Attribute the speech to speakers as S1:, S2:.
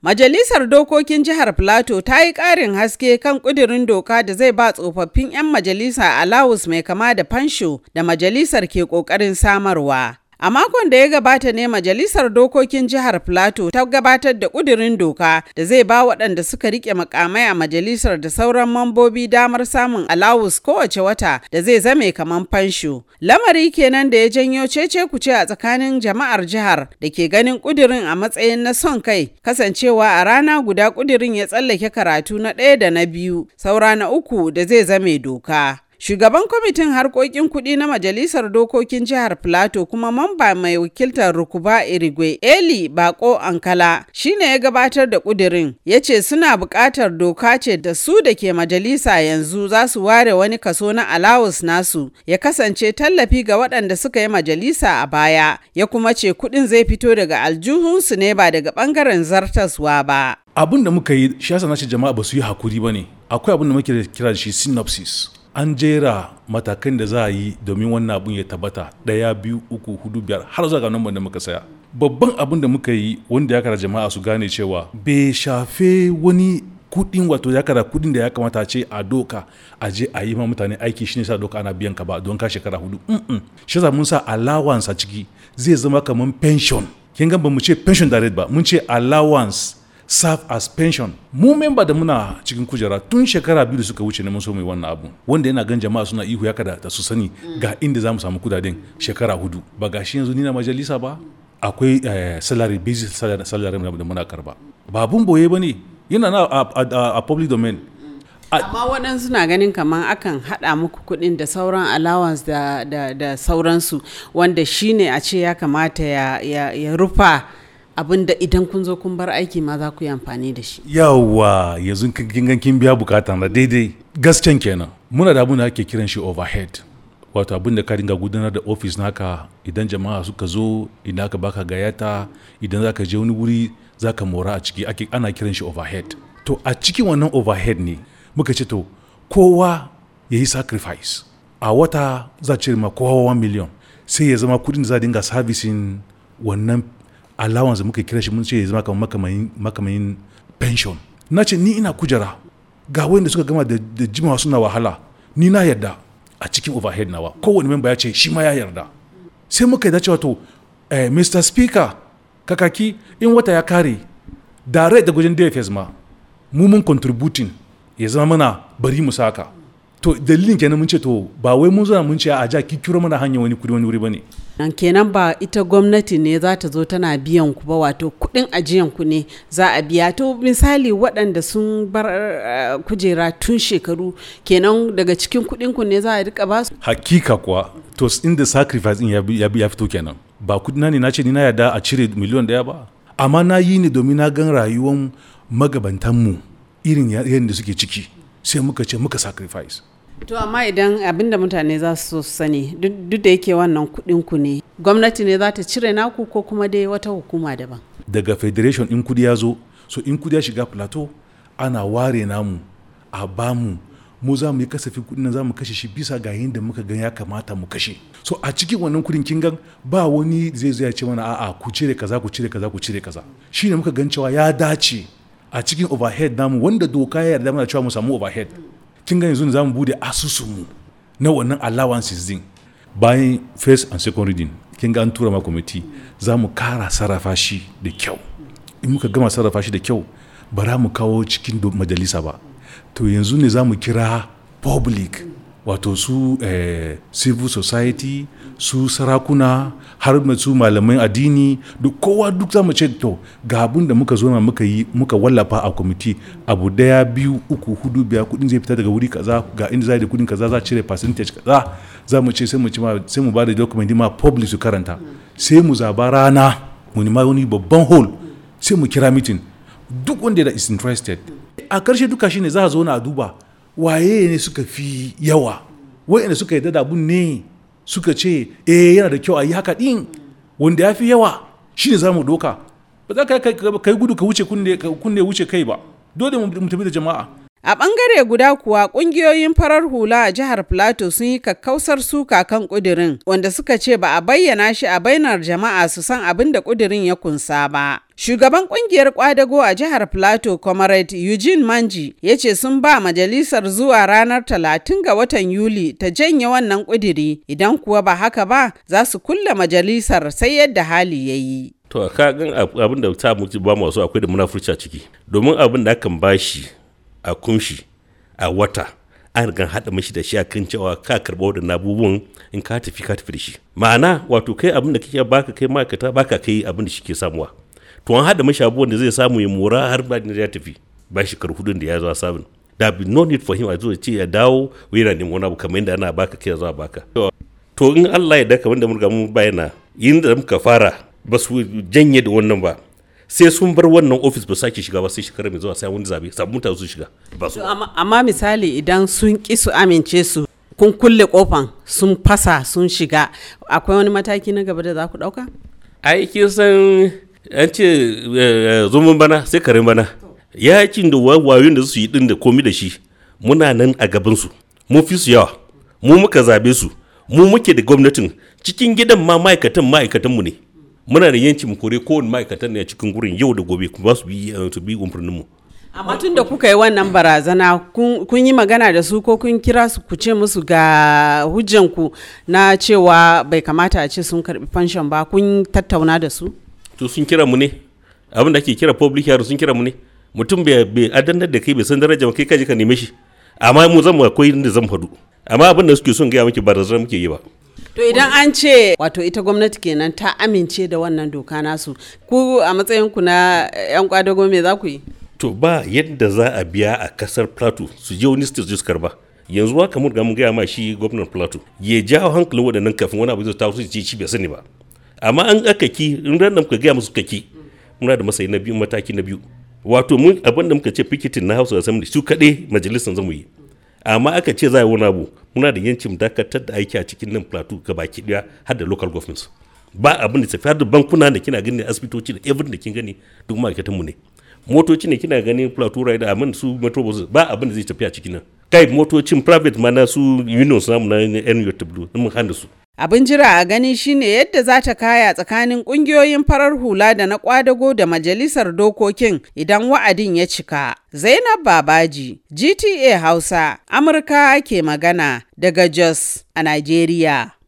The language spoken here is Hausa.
S1: Majalisar Dokokin Jihar Plateau ta yi ƙarin haske kan ƙudurin doka da zai ba tsofaffin 'yan majalisa a Laos mai kama da fansho da majalisar ke ƙoƙarin samarwa. A makon da ya gabata ne Majalisar Dokokin Jihar Plateau ta gabatar da ƙudurin doka da zai ba waɗanda suka rike makamai a majalisar da sauran mambobi damar samun alawus kowace wata da zai zame kamar fansho. Lamari kenan da ya janyo cece kuce a tsakanin jama'ar jihar da ke ganin ƙudurin a matsayin na son kai kasancewa a rana guda ƙudurin ya tsallake karatu na ɗaya da na biyu saura na uku da zai zame doka. Shugaban kwamitin harkokin kuɗi na Majalisar Dokokin Jihar Plateau kuma mamba mai wakiltar Rukuba Irigwe Eli Bako Ankala shine ya gabatar da ƙudirin. Ya ce suna buƙatar doka ce da su da ke majalisa yanzu za su ware wani kaso na alawus nasu ya kasance tallafi ga waɗanda suka yi majalisa a baya ya kuma ce kuɗin zai fito daga aljuhunsu ne ba daga ɓangaren zartaswa ba.
S2: Abin da muka yi shi na ce jama'a ba su yi hakuri ba ne akwai abin da muke kira da shi synopsis an jera matakan da za a yi domin wannan abun ya tabbata ɗaya biyu uku hudu biyar har zuwa ga nan da muka saya babban abin da muka yi wanda ya kara jama'a su gane cewa bai shafe wani kudin wato ya kara kudin da ya kamata ce a doka a je a yi ma mutane aiki shine sa doka ana biyan ka ba don ka shekara hudu shi yasa mun sa allowance a ciki zai zama kamar pension kin ga ba mu ce pension direct ba mun ce allowance serve as pension mu memba da muna cikin kujera tun shekara biyu da suka wuce ne mun so mai wannan abu wanda yana gan jama'a suna ihu ya kada da su sani ga inda zamu samu kudaden shekara hudu ba gashi yanzu ni na majalisa ba akwai eh, salary basis salary da muna karba ba abun boye ba ne yana na a public domain
S1: amma waɗansu na ganin kamar akan haɗa muku kuɗin da sauran allowance da, sauransu wanda shine a ce ya kamata ya rufa abin da idan kun zo kun bar aiki ma za ku yi amfani da shi
S2: yawa yanzu kin kin biya bukata na daidai gasken kenan muna da abinda ake kiran shi overhead wato abin da ka dinga gudanar da ofis naka idan jama'a suka zo idan aka baka gayata idan zaka je wani wuri zaka mora a ciki ake ana kiran shi overhead to a cikin wannan overhead ne muka ce to kowa ya yi sacrifice a wata za ce ma kowa 1 million sai ya zama kudin da za dinga servicing wannan allowance muka kira shi mun ce zama kamar makamayin pension na ce ni ina kujera ga wanda suka gama da jimawa suna wahala ni na yarda a cikin overhead nawa kowane memba ya ce shi ma ya yarda sai muka yi dacewa to eh, mr speaker kakaki in wata ya kare da da gujin dfs ma mu mun contributing ya zama mana bari mu saka to dalilin kenan mun ce to ba wai mun zo mun ce a ja kikiro mana hanya wani kudi wani wuri bane
S1: nan kenan ba ita gwamnati ne za ta zo tana biyan ku ba wato kudin ajiyan ku ne za a biya to misali waɗanda sun bar eh, kujera tun shekaru kenan daga cikin kudin ku ne za a rika ba su
S2: hakika kuwa to inda sacrifice in ya fito kenan ba kudina ne na ni na yarda a cire miliyan daya ba amma na yi ne domin na gan rayuwar magabantan mu irin yadda suke ciki sai muka ce muka sacrifice
S1: to amma idan abinda mutane za su sani duk da yake wannan kuɗin ku ne gwamnati ne za ta cire naku ko kuma dai wata hukuma daban
S2: daga federation in kudi ya zo so in kudi ya shiga plateau ana ware namu a bamu mu za mu yi kasafin kudin nan za mu kashe shi bisa ga yin da muka gan ya kamata mu kashe so a cikin wannan kudin kin gan ba wani zai zo ya ce mana a'a ku cire kaza ku cire kaza ku cire kaza shine muka gan cewa ya dace a cikin overhead namu wanda doka ya yarda mana cewa mu samu overhead kin ga yanzu za mu bude mu na wannan allowances din bayan first and second reading kin ga an tura ma committee za mu kara sarrafa shi da kyau in muka gama sarrafa shi da kyau ba mu kawo cikin majalisa ba to yanzu ne za mu kira public wato su eh, civil society su sarakuna har su malaman addini duk kowa duk za mu ce to ga abin da muka zona muka yi muka wallafa a kwamiti abu daya biyu uku hudu biya kudin zai fita daga wuri kaza ga inda za da kudin kaza za cire percentage kaza za mu ce sai mu ci sai mu ba da document ma public su karanta sai mu zaba rana mu nima wani babban hall sai mu kira meeting duk wanda da is interested a karshe duka shine za a zo na duba waye ne suka fi yawa wa'anda suka yi da abun ne suka ce eh yana da kyau a yi haka din wanda ya fi yawa shi ne za mu doka ba za ka yi gudu ka wuce
S1: kunne wuce kai ba dole mu tafi da jama'a A ɓangare guda kuwa ƙungiyoyin farar hula a jihar Plateau sun yi kakkausar suka kan ƙudirin wanda suka ce ba a bayyana shi a bainar jama'a su san abin da ƙudirin ya kunsa ba. Shugaban ƙungiyar ƙwadago a jihar Plateau Comrade Eugene Manji ya ce sun ba majalisar zuwa ranar talatin ga watan Yuli ta janye wannan ƙudiri idan kuwa ba haka ba za su kulle majalisar sai yadda hali ya yi.
S3: To a abin da ta ba masu akwai da munafurci a ciki domin abin da akan bashi a kunshi a wata an riga haɗa mashi da shi a kan cewa ka karɓa waɗannan abubuwan in ka tafi ka tafi da shi ma'ana wato kai abin da kake baka kai ma'aikata baka kai abin da ke samuwa to an haɗa mashi abubuwan da zai samu ya mora har ba ya tafi ba shi karhudun da ya zo sabin da bi no need for him a zo ce ya dawo yana neman wani abu kamar yadda ana baka kai zuwa baka to in Allah ya daka wanda mun ga mun bayyana yin da muka fara ba su janye da wannan ba sai sun bar wannan ofis ba sake shiga ba sai shekara mai zuwa sai wani zabe sabu mutane su shiga ba su
S1: amma misali idan sun ki su amince su kun kulle kofan sun fasa sun shiga akwai wani mataki na gaba da za ku dauka
S3: aiki san an ce eh, eh, zumun bana sai karin bana yakin da wayoyin da su yi din da komi da shi muna nan a gaban su mun fi su yawa mu muka zabe su mu muke da gwamnatin cikin gidan ma ma'aikatan ma'aikatan mu ne muna da yanci mu kore kowane ma'aikatan ne a cikin gurin yau da gobe kuma su bi eh, su bi umurnin mu
S1: amma tun da kuka yi wannan barazana kun yi magana da su ko kun kira su ku ce musu ga hujjanku na cewa bai kamata a ce sun karbi fanshon ba kun tattauna da su
S3: to sun kira mu ne abin da ake kira public hearing sun kira mu ne mutum bai adannar da kai bai san daraja ba kai kaje ka neme shi amma mu zan akwai inda zan faɗu amma abin da suke son gaya miki barazana muke yi ba
S1: to idan an ce wato ita gwamnati kenan ta amince da wannan doka nasu ku a matsayin ku na yan kwadago me za ku yi
S3: to ba yadda za a biya a kasar plateau su je wani state su karba yanzu haka mun ga mun gaya ma shi gwamnan plateau ya jawo hankalin waɗannan kafin wani abu zai su ce shi bai sani ba amma an aka ki in ran gaya musu kaki muna da masayi na biyu mataki na biyu wato mun abin da muka ce pikitin na hausa assembly su kaɗai majalisar zamu yi amma aka ce za a wani abu muna da yancin dakatar da aiki a cikin nan plateau ga baki daya har da local governments ba abin da tafi har da bankuna da kina gani asibitoci da everything da kin gani duk ma'aikatan mu ne motoci ne kina gani plateau rider amma su metrobus ba abin da zai tafi a cikin nan kai motocin private ma na su unions namu na NUW mun handa su
S1: Abin jira a gani shine yadda za ta kaya tsakanin kungiyoyin farar hula da na kwadago da majalisar dokokin idan wa'adin ya cika. Zainab Babaji, GTA Hausa, Amurka ke magana daga Jos a Najeriya.